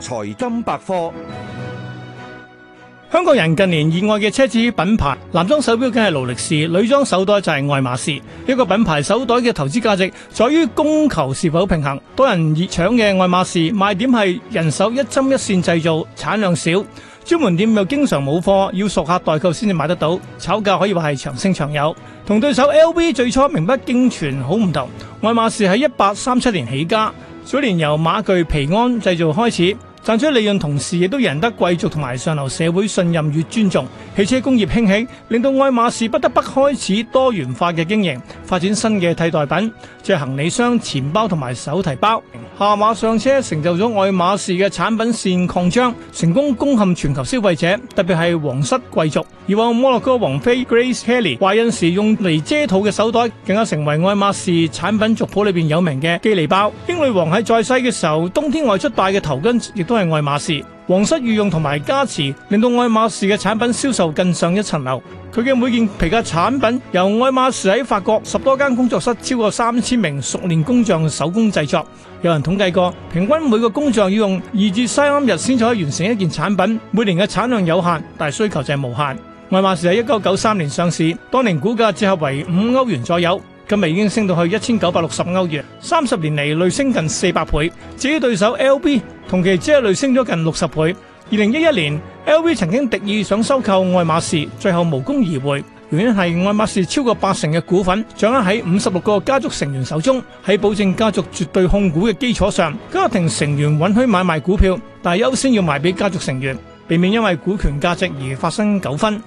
財經百科，香港人近年熱愛嘅奢侈品牌，男裝手錶梗係勞力士，女裝手袋就係愛馬仕。一個品牌手袋嘅投資價值，在於供求是否平衡。多人熱搶嘅愛馬仕賣點係人手一針一線製造，產量少，專門店又經常冇貨，要熟客代購先至買得到。炒價可以話係長盛長有。同對手 LV 最初名不經傳好唔同，愛馬仕喺一八三七年起家，早年由馬具皮鞍製造開始。賺取利潤同時，亦都贏得貴族同埋上流社會信任與尊重。汽車工業興起，令到愛馬仕不得不開始多元化嘅經營，發展新嘅替代品，即係行李箱、錢包同埋手提包。下馬上車成就咗愛馬仕嘅產品線擴張，成功攻陷全球消費者，特別係皇室貴族。以往摩洛哥王妃 Grace Kelly 懷孕時用嚟遮肚嘅手袋，更加成為愛馬仕產品族譜裏面有名嘅凱莉包。英女王喺在世嘅時候，冬天外出戴嘅頭巾亦都係愛馬仕。皇室御用同埋加持，令到愛馬仕嘅產品銷售更上一層樓。佢嘅每件皮革產品由愛馬仕喺法國十多間工作室，超過三千名熟練工匠手工製作。有人統計過，平均每個工匠要用二至三日先可以完成一件產品。每年嘅產量有限，但係需求就係無限。愛馬仕喺一九九三年上市，當年股價折合為五歐元左右。今日已經升到去一千九百六十歐元，三十年嚟，累升近四百倍。至於對手 L B，同期只係累升咗近六十倍。二零一一年，L B 曾經敵意想收購愛馬仕，最後無功而回。原因係愛馬仕超過八成嘅股份掌握喺五十六個家族成員手中。喺保證家族絕對控股嘅基礎上，家庭成員允許買賣股票，但係優先要賣俾家族成員，避免因為股權價值而發生糾紛。